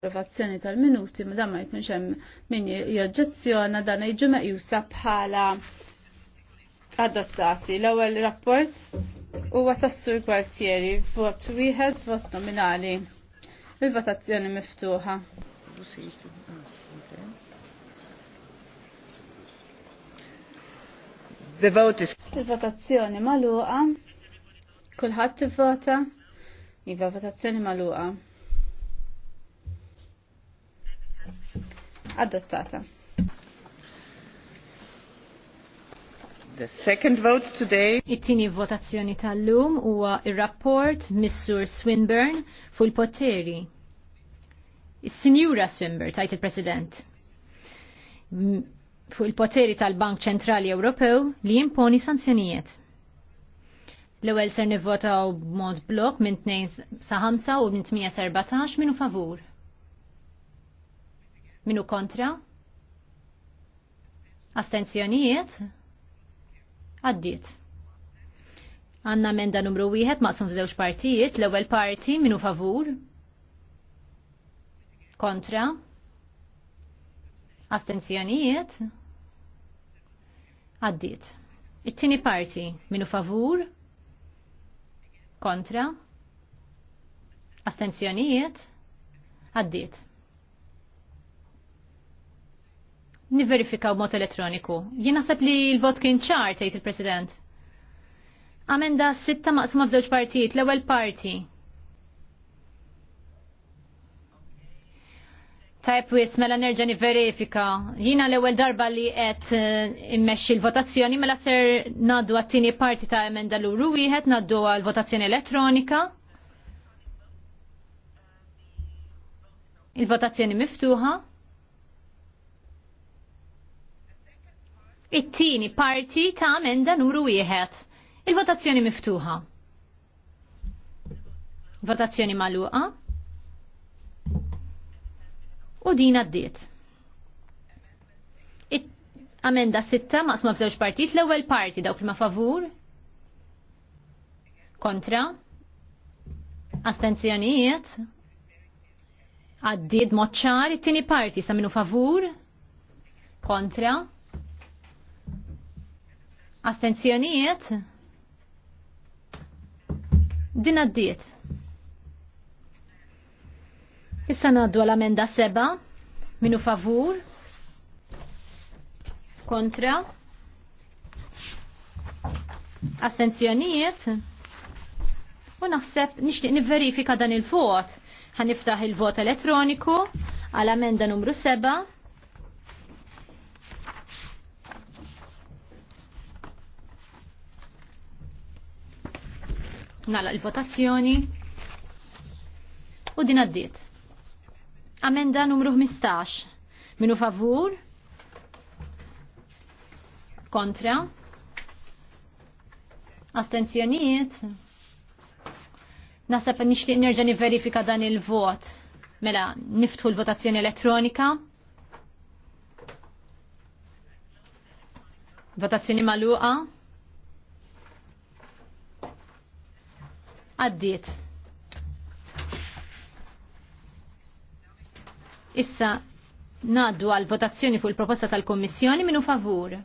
approvazzjoni tal-minuti ma dan ma jkunx hemm min joġġezzjona dan jiġu meqjusa bħala adottati. L-ewwel rapport huwa tas-sur kwartieri vot wieħed vot nominali. Il-votazzjoni miftuħa. The vote is... Il-votazzjoni maluqa. Kulħadd tivvota? Iva votazzjoni maluqa. adottata. The second vote today. It-tieni votazzjoni tal-lum huwa ir-rapport Missur Swinburne fuq il-poteri. Is-Sinjura Swinburne tajt il-President fuq il-poteri tal-Bank Ċentrali Ewropew li jimponi sanzjonijiet. L-ewwel ser nivvotaw b'mod blok minn 2 sa 5 u minn 8 14 minu favur. Minu kontra? Astenzjonijiet? Għaddit. Għanna menda numru wieħed maqsum f'żewġ partijiet, l-ewwel parti minu favur? Kontra? Astenzjonijiet? Għaddit. It-tieni parti minu favur? Kontra? Astenzjonijiet? Għaddit. niverifikaw mod elettroniku. Jien naħseb li l-vot kien ċar tgħid il-President. Amenda sitta maqsuma f'żewġ partijiet, l-ewwel parti. Tajb wis mela nerġa' niverifika. Jiena l-ewwel darba li qed eh, immexxi l-votazzjoni mela ser ngħaddu għat-tieni parti ta' emenda luru wieħed ngħaddu għall votazzjoni elettronika. Il-votazzjoni miftuħa. it-tieni parti ta' amenda numru wieħed. Il-votazzjoni miftuħa. Votazzjoni magħluqa. U din għaddiet. Amenda sitta maqsma f'żewġ partit l-ewwel parti dawk li ma favur. Kontra. Astenzjonijiet. Għaddiet moċċar it-tieni parti sa minnu favur. Kontra Astenzjonijiet? Din għaddiet. Issa naddu għal-amenda seba, minu favur, kontra, astenzjonijiet, u naħseb nixtieq nivverifika dan il-vot. Ħaniftaħ il-vot elettroniku għal amenda numru 7. Nala il-votazzjoni. U din għaddiet. Amenda numru 15. Minu favur? Kontra? Astenzjonijiet? Nasab nixtieq nerġa' verifika dan il-vot. Mela, niftħu l-votazzjoni elettronika. Votazzjoni maluqa. għaddiet. Issa naddu għal votazzjoni fuq il-proposta tal-Kommissjoni minu favur.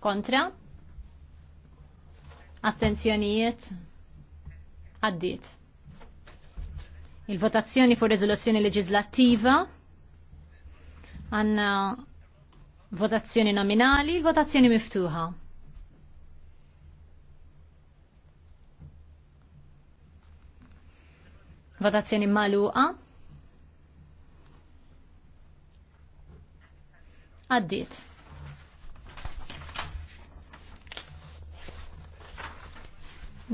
Kontra? Astenzjonijiet? Għaddiet. Il-votazzjoni fuq rezoluzzjoni leġislattiva għanna votazzjoni nominali, votazzjoni miftuħa. Votazzjoni maluqa. Għaddit.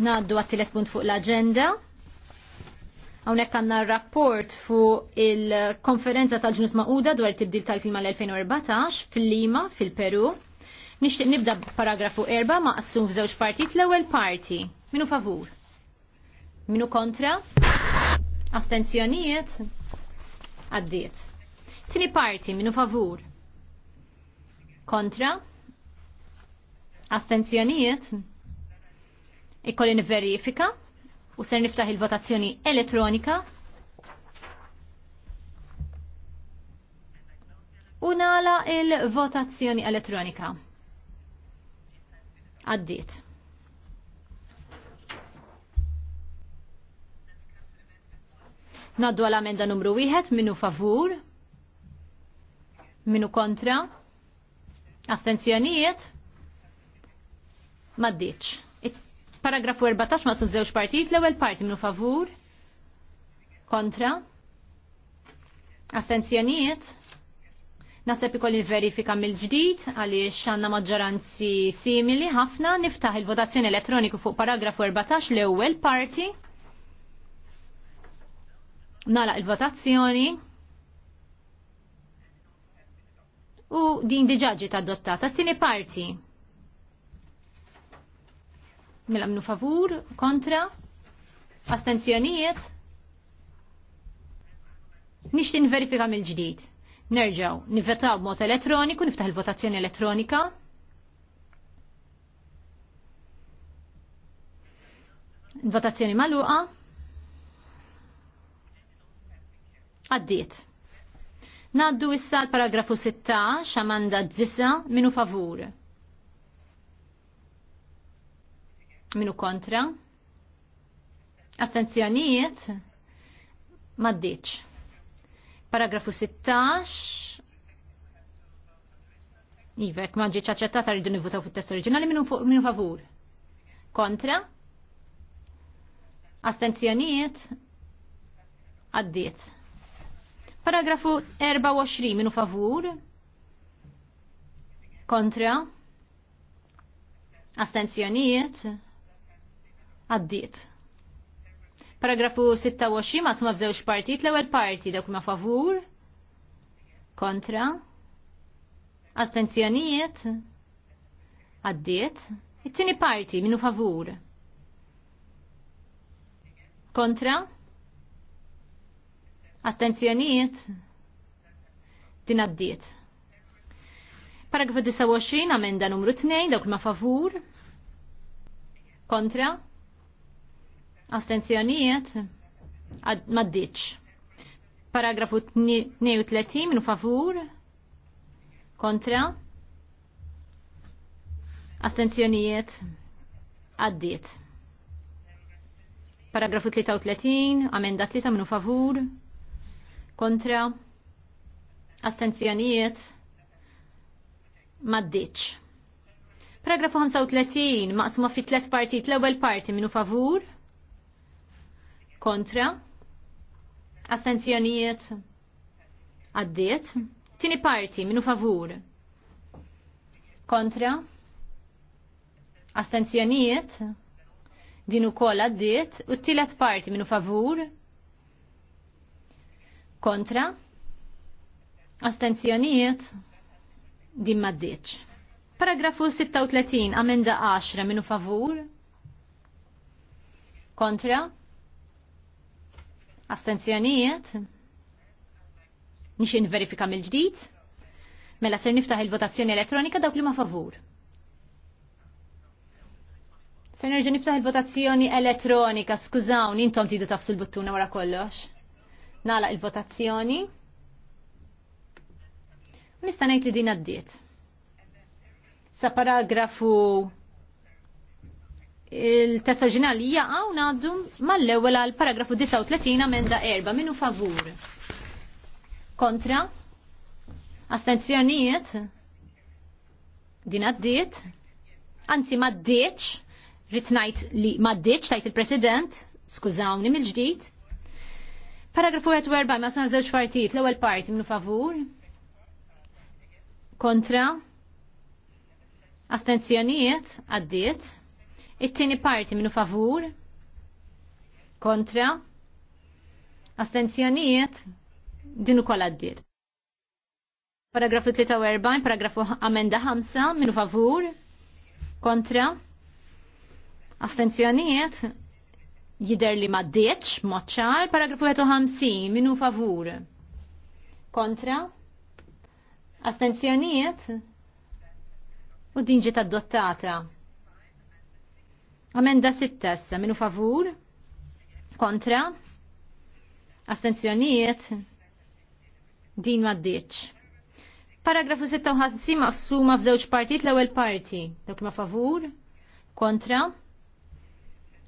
Naddu għattilet punt fuq l-agenda. Għawnek għanna rapport fuq il-konferenza tal-ġnus ma'uda dwar tibdil tal-klima l-2014 fil-Lima, fil-Peru. Nishtiq nibda paragrafu 4 maqsum f'żewġ partit l-ewwel parti. Minu favur? Minu kontra? Astenzjonijiet? Għaddiet. Tini parti minu favur. Kontra? Astenzjonijiet? Ikkolli verifika u ser niftaħ il-votazzjoni elettronika. U il-votazzjoni elettronika. Għaddiet. Naddu għal amenda numru 1 minnu favur, minnu kontra, astenzjonijiet, maddiċ. Paragrafu 14 ma' żewġ partijiet, l-ewwel parti minnu favur, kontra, astenzjonijiet, Naseb il verifika mill-ġdid għaliex għandna maġġoranzi simili ħafna niftaħ il-votazzjoni elettroniku fuq paragrafu 14 l-ewwel parti. Nala il-votazzjoni. U din diġaġi ta' adottata. Tini parti. Mela, Milamnu favur, kontra, astenzjonijiet. Nishti verifika mill-ġdid. Nerġaw, nivvetaw b-mot elettroniku, niftaħ il-votazzjoni elettronika. Votazzjoni maluqa. Għaddiet. Naddu issa l-paragrafu 16, amanda disa minu favur. Minu kontra. Astenzjonijiet, maddiċ. Paragrafu 16, Ivek, maġi ċaċċettata rridu nivvota fuq test oriġinali minu, minu favur. Kontra. Astenzjonijiet, għaddiet. Paragrafu 24 minu favur. Kontra. Astenzjonijiet. Addiet. Paragrafu 26 ma' sma f'żewġ partit l-ewwel parti dak ma' favur. Kontra. Astenzjonijiet. Addiet. It-tieni parti minu favur. Kontra. Astenzjonijiet? Din għaddiet. Paragrafu 29, amenda numru 2, dawk ma favur? Kontra? Astenzjonijiet? Maddiċ. Paragrafu 32, minu favur? Kontra? Astenzjonijiet? Għaddiet. Paragrafu 33, amenda 3, minu favur? kontra, astenzjonijiet, maddiċ. Paragrafu 35, maqsuma fi tlet partit, l-ewel parti minu favur, kontra, astenzjonijiet, għaddiet, tini parti minu favur, kontra, astenzjonijiet, dinu kol għaddiet, u t-tilet parti minu favur, Kontra? Astenzjonijiet? Din maddiċ. Paragrafu 36, amenda 10, minu favur? Kontra? Astenzjonijiet? Nixin verifika mill-ġdid? Mela ser niftaħ il-votazzjoni elettronika dawk li ma favur. Ser nerġa' niftaħ il-votazzjoni elettronika, skużawni, intom tidu tafsu l-buttuna wara kollox. Nala il-votazzjoni. Nista' ngħid li din għaddiet. Sa paragrafu il-test oriġinali jaqgħu naddu mal-ewwel għal paragrafu 39 amenda erba' minnu favur. Kontra? Astenzjonijiet? Din għaddiet? Anzi ma ddietx, ritnajt li ma tajt il-President, skużawni mill-ġdid, Paragrafu 4 ma sanna żewġ partijt, l-ewwel parti minnu favur. Kontra. Astenzjonijiet għaddiet. It-tieni parti minnu favur. Kontra. Astenzjonijiet din ukoll għaddiet. Paragrafu 43, paragrafu amenda 5 minnu favur. Kontra. Astenzjonijiet Jider li maddeċ, moċċar, paragrafu 51, minu favur. Kontra? Astenzjonijiet? U din ġiet adottata. Amenda 6, minu favur? Kontra? Astenzjonijiet? Din maddeċ. Paragrafu 56 maqsuma f'żewġ partit l-ewwel parti. Dok ma favur? Kontra?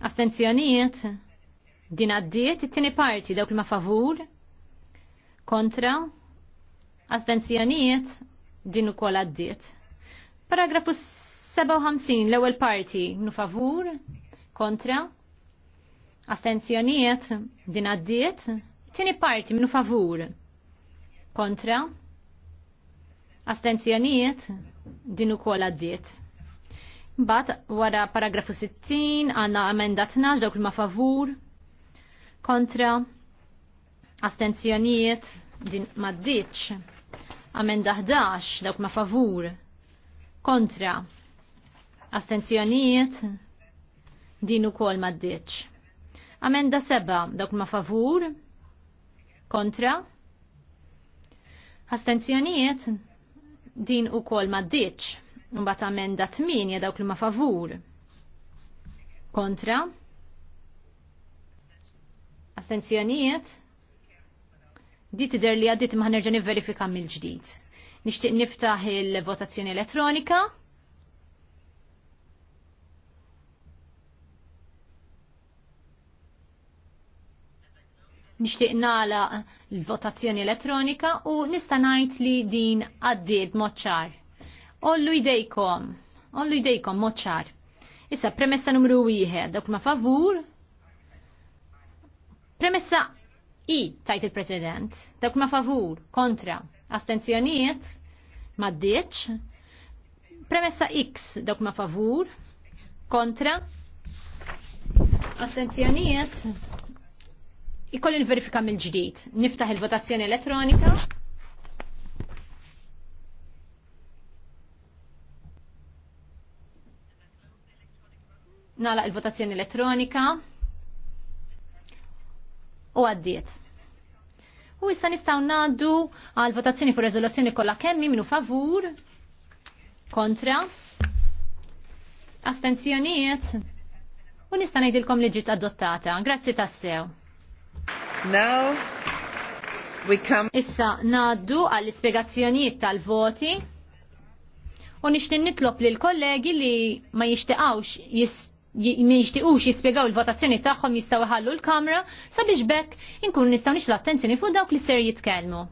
Astenzjonijiet? Din għaddiet it-tieni parti dawk li ma favur? Kontra? Astenzjonijiet? Din ukoll għaddiet. Paragrafu 57 l-ewwel parti nu favur? Kontra? Astenzjonijiet? Din għaddiet? it-tini parti minnu favur? Kontra? Astenzjonijiet? Din ukoll għaddiet. Bat wara paragrafu 60 għanna amenda 12 dawk ma favur kontra astenzjonijiet din maddiċ. Amenda 11 dawk ma favur kontra astenzjonijiet din ukoll maddiċ. Amenda 7 dawk ma favur kontra astenzjonijiet din ukoll maddiċ. Mbata amenda 8 dawk li ma favur. Kontra. Astenzjonijiet. Di der li għaddit ma nerġa' nivverifika mill-ġdid. Nixtieq niftaħ il-votazzjoni elettronika. nixtieq nagħlaq l-votazzjoni elettronika u nista' ngħid li din għaddiet mod ċar. Ollu jdejkom, ollu jdejkom, moċar. Issa, premessa numru wieħed, dawk ma favur. Premessa I, tajt il-President, dawk ma favur, kontra, astenzjoniet, ma ditx. Premessa X, dawk ma favur, kontra, astenzjoniet, ikolli il-verifika mill-ġdid. Niftaħ il-votazzjoni elettronika. Nala il-votazzjoni elettronika. U għaddiet. U issa nistaw naddu għal votazzjoni fuq rezoluzzjoni kollha kemmi minu favur, kontra, astenzjonijiet u nista' ngħidilkom li ġiet adottata. Grazzi tassew. Now we come Issa naddu għall ispjegazzjonijiet tal-voti u nixtin nitlob lil kollegi li ma jixtiqawx jist mi jixtiqux jispjegaw il-votazzjoni tagħhom jistgħu ħallu l-kamra sabiex bekk inkun nistgħu nix l-attenzjoni fuq dawk li ser jitkellmu.